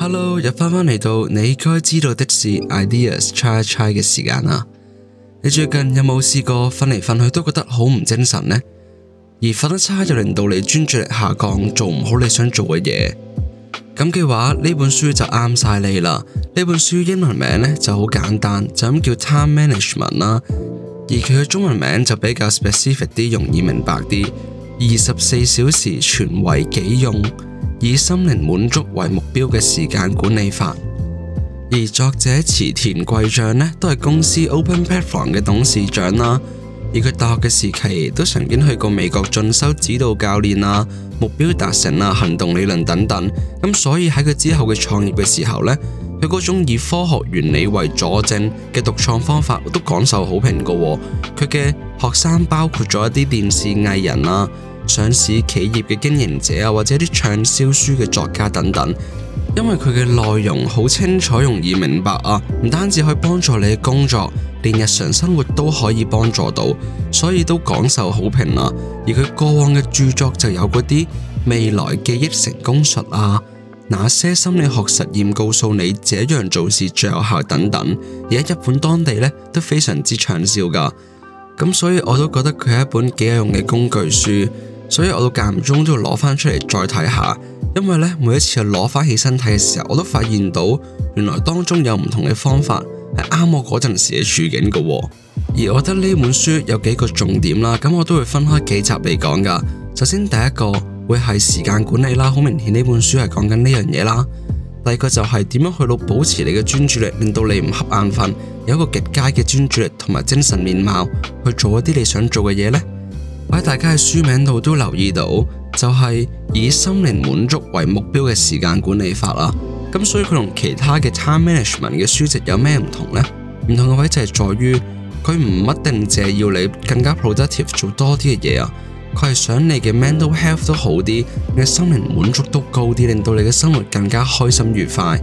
Hello，又翻返嚟到你該知道的事 ideas try1try 嘅時間啦。你最近有冇試過瞓嚟瞓去都覺得好唔精神呢？而瞓得差又令到你專注力下降，做唔好你想做嘅嘢。咁嘅話呢本書就啱晒你啦。呢本書英文名呢就好簡單，就咁叫 time management 啦。而佢嘅中文名就比較 specific 啲，容易明白啲。二十四小時全為己用。以心靈滿足為目標嘅時間管理法，而作者池田貴丈呢都係公司 Open Platform 嘅董事長啦。而佢大學嘅時期都曾經去過美國進修指導教練啊、目標達成啊、行動理論等等。咁所以喺佢之後嘅創業嘅時候呢，佢嗰種以科學原理為佐證嘅獨創方法都廣受好評噶。佢嘅學生包括咗一啲電視藝人啊。上市企業嘅經營者啊，或者啲暢銷書嘅作家等等，因為佢嘅內容好清楚、容易明白啊，唔單止可以幫助你嘅工作，連日常生活都可以幫助到，所以都廣受好評啦、啊。而佢過往嘅著作就有嗰啲《未來記憶成功術》啊，《那些心理學實驗告訴你這樣做事最有效》等等，而喺日本當地呢，都非常之暢銷噶。咁所以我都覺得佢係一本幾有用嘅工具書。所以我都間唔中都會攞翻出嚟再睇下，因為每一次攞翻起身睇嘅時候，我都發現到原來當中有唔同嘅方法係啱我嗰陣時嘅處境噶喎。而我覺得呢本書有幾個重點啦，咁我都會分開幾集嚟講噶。首先第一個會係時間管理啦，好明顯呢本書係講緊呢樣嘢啦。第二個就係點樣去到保持你嘅專注力，令到你唔瞌眼瞓，有一個極佳嘅專注力同埋精神面貌去做一啲你想做嘅嘢呢。喺大家嘅書名度都留意到，就係以心靈滿足為目標嘅時間管理法啊。咁所以佢同其他嘅 time management 嘅書籍有咩唔同呢？唔同嘅位置係在於佢唔一定淨係要你更加 productive 做多啲嘅嘢啊，佢係想你嘅 mental health 都好啲，你嘅心靈滿足都高啲，令到你嘅生活更加開心愉快。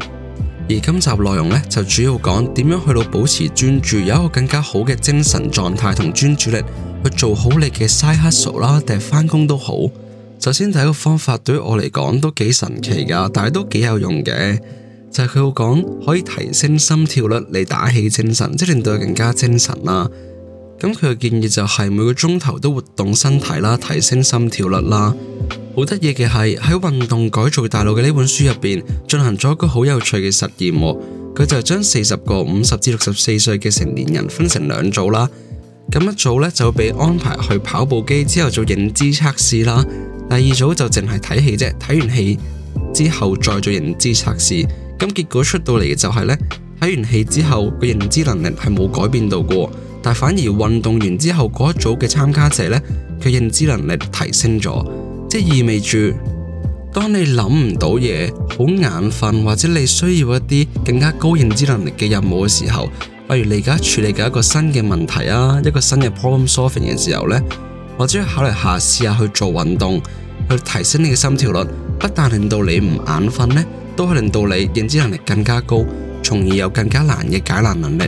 而今集內容呢，就主要講點樣去到保持專注，有一個更加好嘅精神狀態同專注力。佢做好你嘅 side hustle 啦，定係翻工都好。首先第一個方法，對於我嚟講都幾神奇噶，但係都幾有用嘅。就係佢會講可以提升心跳率，嚟打起精神，即係令到佢更加精神啦。咁佢嘅建議就係、是、每個鐘頭都活動身體啦，提升心跳率啦。好得意嘅係喺《運動改造大腦》嘅呢本書入邊進行咗一個好有趣嘅實驗，佢就將四十個五十至六十四歲嘅成年人分成兩組啦。咁一組咧就俾安排去跑步機之後做認知測試啦，第二組就淨係睇戲啫，睇完戲之後再做認知測試。咁結果出到嚟嘅就係呢：睇完戲之後個認知能力係冇改變到嘅，但反而運動完之後嗰一組嘅參加者呢，佢認知能力提升咗，即意味住，當你諗唔到嘢，好眼瞓或者你需要一啲更加高認知能力嘅任務嘅時候。例如你而家處理緊一個新嘅問題啊，一個新嘅 problem solving 嘅時候呢，或者要考慮下，試下去做運動，去提升你嘅心跳率，不但令到你唔眼瞓呢，都係令到你認知能力更加高，從而有更加難嘅解難能力。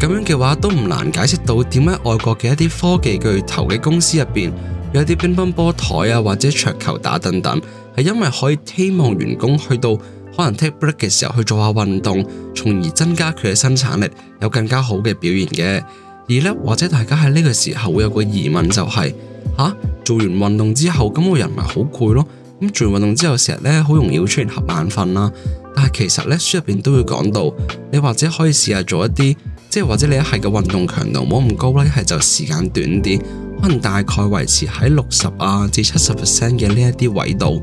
咁樣嘅話都唔難解釋到點解外國嘅一啲科技巨頭嘅公司入邊有啲乒乓波台啊，或者桌球打等等，係因為可以希望員工去到。可能 take break 嘅時候去做下運動，從而增加佢嘅生產力，有更加好嘅表現嘅。而呢，或者大家喺呢個時候會有個疑問就係、是：吓、啊、做完運動之後，咁個人咪好攰咯？咁做完運動之後，成日呢好容易會出現瞌眼瞓啦。但係其實呢，書入邊都會講到，你或者可以試下做一啲，即係或者你一係嘅運動強度冇咁高啦，一係就時間短啲，可能大概維持喺六十啊至七十 percent 嘅呢一啲位度，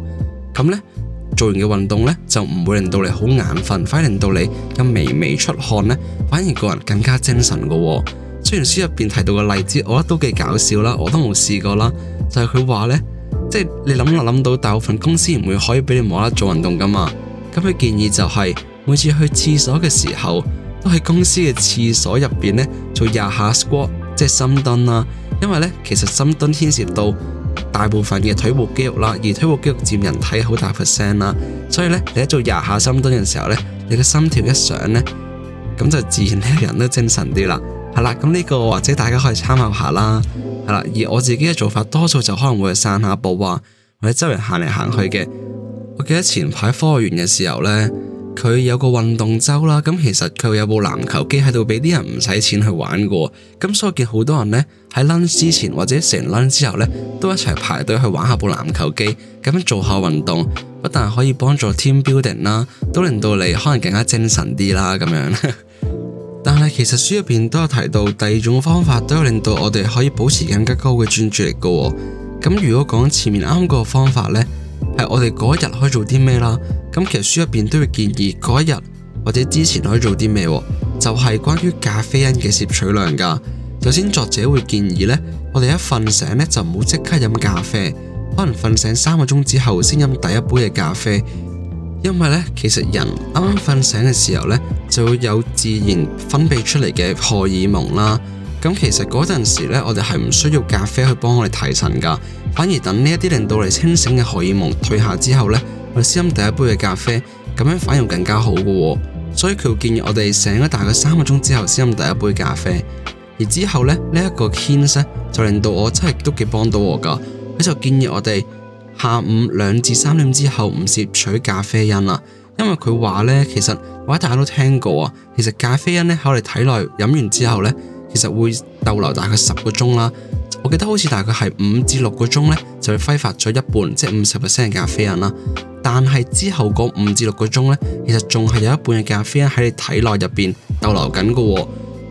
咁呢。做完嘅運動呢，就唔會令到你好眼瞓，反而令到你有微微出汗呢，反而個人更加精神㗎喎。雖然書入邊提到嘅例子，我覺得都幾搞笑啦，我都冇試過啦。就係佢話呢，即係你諗啦諗到，大部分公司唔會可以俾你摸啦做運動噶嘛。咁佢建議就係、是、每次去廁所嘅時候，都喺公司嘅廁所入面呢做廿下 squat，即係深蹲啦、啊。因為呢其實深蹲牽涉到大部分嘅腿部肌肉啦，而腿部肌肉佔人體好大 percent 啦，所以咧你喺做廿下深蹲嘅時候咧，你嘅心跳一上咧，咁就自然呢，個人都精神啲啦，係、嗯、啦，咁、這、呢個或者大家可以參考下啦，係、嗯、啦，而我自己嘅做法多數就可能會散下步啊，或者周圍行嚟行去嘅，我記得前排科學園嘅時候咧。佢有個運動周啦，咁其實佢有部籃球機喺度俾啲人唔使錢去玩嘅，咁所以我見好多人呢，喺 lunch 之前或者成 lunch 之後呢，都一齊排隊去玩下部籃球機，咁樣做下運動不但可以幫助 team building 啦，都令到你可能更加精神啲啦咁樣。 但係其實書入邊都有提到第二種方法，都有令到我哋可以保持更加高嘅專注力嘅哦。咁如果講前面啱個方法呢？係我哋嗰一日可以做啲咩啦？咁其實書入邊都會建議嗰一日或者之前可以做啲咩？啊，就係、是、關於咖啡因嘅攝取量噶。首先作者會建議呢，我哋一瞓醒呢就唔好即刻飲咖啡，可能瞓醒三個鐘之後先飲第一杯嘅咖啡，因為呢，其實人啱啱瞓醒嘅時候呢，就會有自然分泌出嚟嘅荷爾蒙啦。咁其實嗰陣時呢，我哋係唔需要咖啡去幫我哋提神噶，反而等呢一啲令到我哋清醒嘅荷爾蒙退下之後呢，我哋先飲第一杯嘅咖啡，咁樣反而更加好噶。所以佢會建議我哋醒咗大概三個鐘之後先飲第一杯咖啡，而之後呢，呢一個建議就令到我真係都幾幫到我噶。佢就建議我哋下午兩至三點之後唔攝取咖啡因啦，因為佢話呢，其實我大家都聽過啊，其實咖啡因呢，喺我哋體內飲完之後呢。其實會逗留大概十個鐘啦，我記得好似大概係五至六個鐘呢，就會揮發咗一半，即係五十 percent 嘅咖啡因啦。但係之後嗰五至六個鐘呢，其實仲係有一半嘅咖啡因喺你體內入邊逗留緊噶。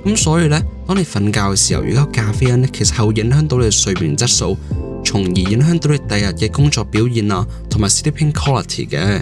咁所以呢，當你瞓覺嘅時候，如果咖啡因咧，其實係會影響到你睡眠質素，從而影響到你第日嘅工作表現啊，同埋 sleeping quality 嘅。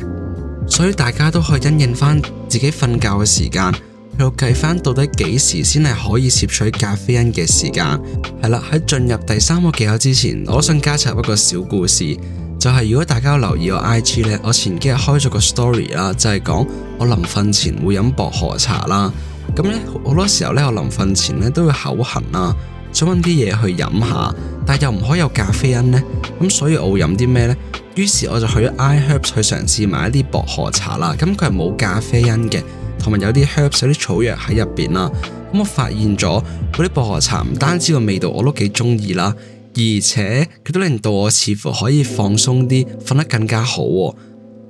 所以大家都可以因應翻自己瞓覺嘅時間。要計翻到底幾時先係可以攝取咖啡因嘅時間，係啦，喺進入第三個技巧之前，我想加插一個小故事，就係如果大家有留意我 IG 呢，我前幾日開咗個 story 啦，就係講我臨瞓前會飲薄荷茶啦。咁呢，好多時候呢，我臨瞓前呢都會口痕啦，想搵啲嘢去飲下，但又唔可以有咖啡因呢。咁所以我會飲啲咩呢？於是我就去咗 iHerb 去嘗試買一啲薄荷茶啦，咁佢係冇咖啡因嘅。同埋有啲 herbs，有啲草藥喺入邊啦。咁我發現咗嗰啲薄荷茶，唔單止個味道我都幾中意啦，而且佢都令到我似乎可以放鬆啲，瞓得更加好哦。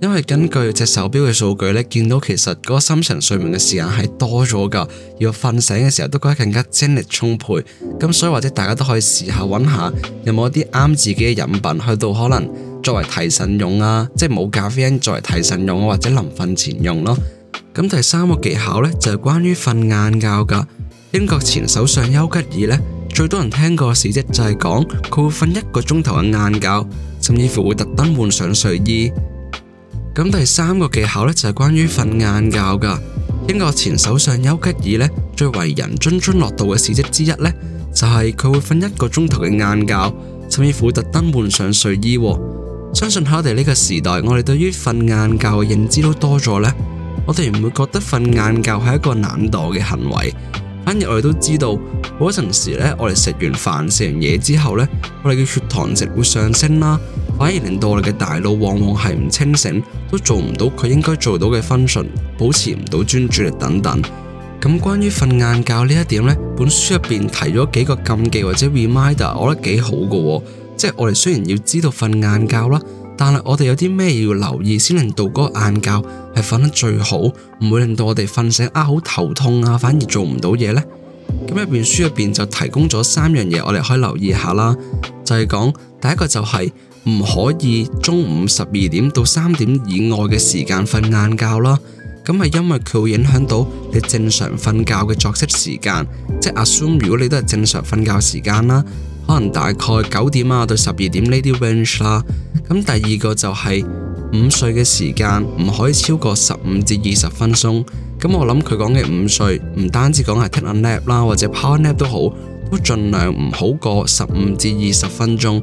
因為根據隻手錶嘅數據呢，見到其實嗰個深層睡眠嘅時間係多咗噶，要瞓醒嘅時候都覺得更加精力充沛。咁所以或者大家都可以試下揾下有冇一啲啱自己嘅飲品去到可能作為提神用啊，即係冇咖啡因作為提神用或者臨瞓前用咯。咁第三個技巧呢就係關於瞓晏覺噶。英國前首相丘吉爾呢，最多人聽過嘅事迹就係講佢會瞓一個鐘頭嘅晏覺，甚至乎會特登換上睡衣。咁第三個技巧呢就係關於瞓晏覺噶。英國前首相丘吉爾呢，最為人津津樂道嘅事蹟之一呢，就係佢會瞓一個鐘頭嘅晏覺，甚至乎特登換上睡衣。相信喺我哋呢個時代，我哋對於瞓晏覺嘅認知都多咗呢。我哋唔會覺得瞓晏覺係一個懶惰嘅行為，反而我哋都知道，嗰陣時呢，我哋食完飯食完嘢之後呢，我哋嘅血糖值會上升啦，反而令到我哋嘅大腦往往係唔清醒，都做唔到佢應該做到嘅 function，保持唔到專注力等等。咁關於瞓晏覺呢一點呢，本書入邊提咗幾個禁忌或者 reminder，我覺得幾好噶，即係我哋雖然要知道瞓晏覺啦。但係我哋有啲咩要留意，先令到嗰個晏覺係瞓得最好，唔會令到我哋瞓醒啊，好頭痛啊，反而做唔到嘢呢？咁入邊書入邊就提供咗三樣嘢，我哋可以留意下啦。就係、是、講第一個就係、是、唔可以中午十二點到三點以外嘅時間瞓晏覺啦。咁係因為佢會影響到你正常瞓覺嘅作息時間，即係 assume，如果你都係正常瞓覺時間啦，可能大概九點啊到十二點呢啲 range 啦。咁第二個就係午睡嘅時間唔可以超過十五至二十分鐘。咁我諗佢講嘅午睡唔單止講係 take a nap 啦，或者 power nap 都好，都盡量唔好過十五至二十分鐘。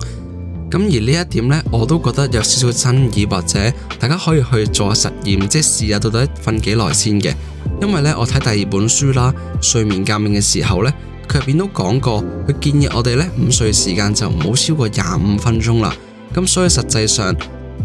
咁而呢一點呢，我都覺得有少少爭議，或者大家可以去做下實驗，即係試下到底瞓幾耐先嘅。因為呢，我睇第二本書啦，睡眠革命嘅時候呢，佢入邊都講過，佢建議我哋呢午睡時間就唔好超過廿五分鐘啦。咁所以實際上，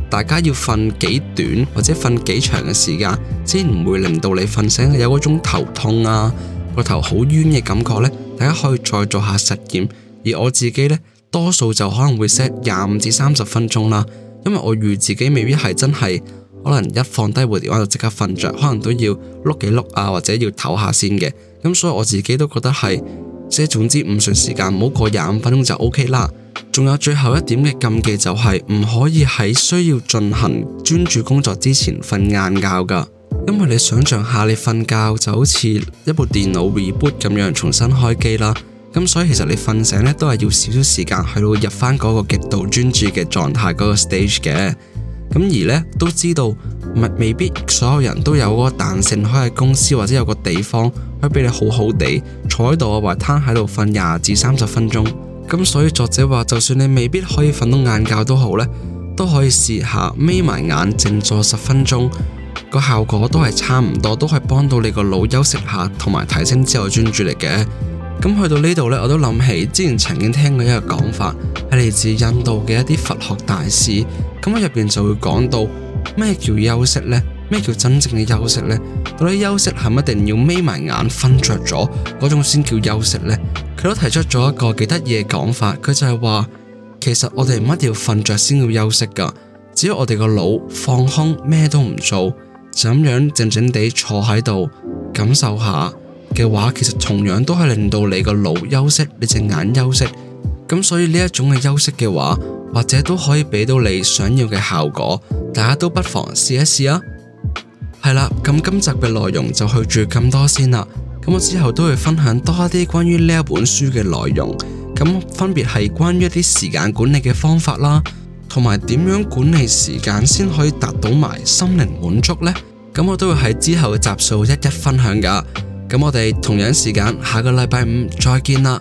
大家要瞓幾短或者瞓幾長嘅時間，先唔會令到你瞓醒有嗰種頭痛啊個頭好軟嘅感覺呢，大家可以再做下實驗，而我自己呢，多數就可能會 set 廿五至三十分鐘啦。因為我預自己未必係真係，可能一放低個電話就即刻瞓着，可能都要碌幾碌啊，或者要唞下先嘅。咁所以我自己都覺得係。即係，總之午睡時間，唔好過廿五分鐘就 O K 啦。仲有最後一點嘅禁忌就係、是、唔可以喺需要進行專注工作之前瞓晏覺㗎，因為你想象下你瞓覺就好似一部電腦 reboot 咁樣重新開機啦。咁、嗯、所以其實你瞓醒呢都係要少少時間去到入返嗰個極度專注嘅狀態嗰個 stage 嘅。咁、嗯、而呢都知道。未必所有人都有嗰個彈性，開個公司或者有個地方可以俾你好好地坐喺度，或攤喺度瞓廿至三十分鐘。咁所以作者話，就算你未必可以瞓到晏覺都好呢，都可以試下眯埋眼靜坐十分鐘，個效果都係差唔多，都係幫到你個腦休息下，同埋提升之後專注力嘅。咁去到呢度呢，我都諗起之前曾經聽過一個講法，係嚟自印度嘅一啲佛學大師。咁我入邊就會講到。咩叫休息呢？咩叫真正嘅休息呢？到底休息係咪一定要眯埋眼瞓着咗嗰種先叫休息呢？佢都提出咗一個幾得意嘅講法，佢就係話，其實我哋唔一定要瞓着先叫休息噶，只要我哋個腦放空，咩都唔做，就咁樣靜靜地坐喺度感受下嘅話，其實同樣都係令到你個腦休息，你隻眼休息。咁所以呢一種嘅休息嘅話，或者都可以俾到你想要嘅效果，大家都不妨試一試啊。係啦，咁今集嘅內容就去住咁多先啦。咁我之後都會分享多一啲關於呢一本書嘅內容，咁分別係關於一啲時間管理嘅方法啦，同埋點樣管理時間先可以達到埋心靈滿足呢。咁我都會喺之後嘅集數一一分享㗎。咁我哋同樣時間下個禮拜五再見啦。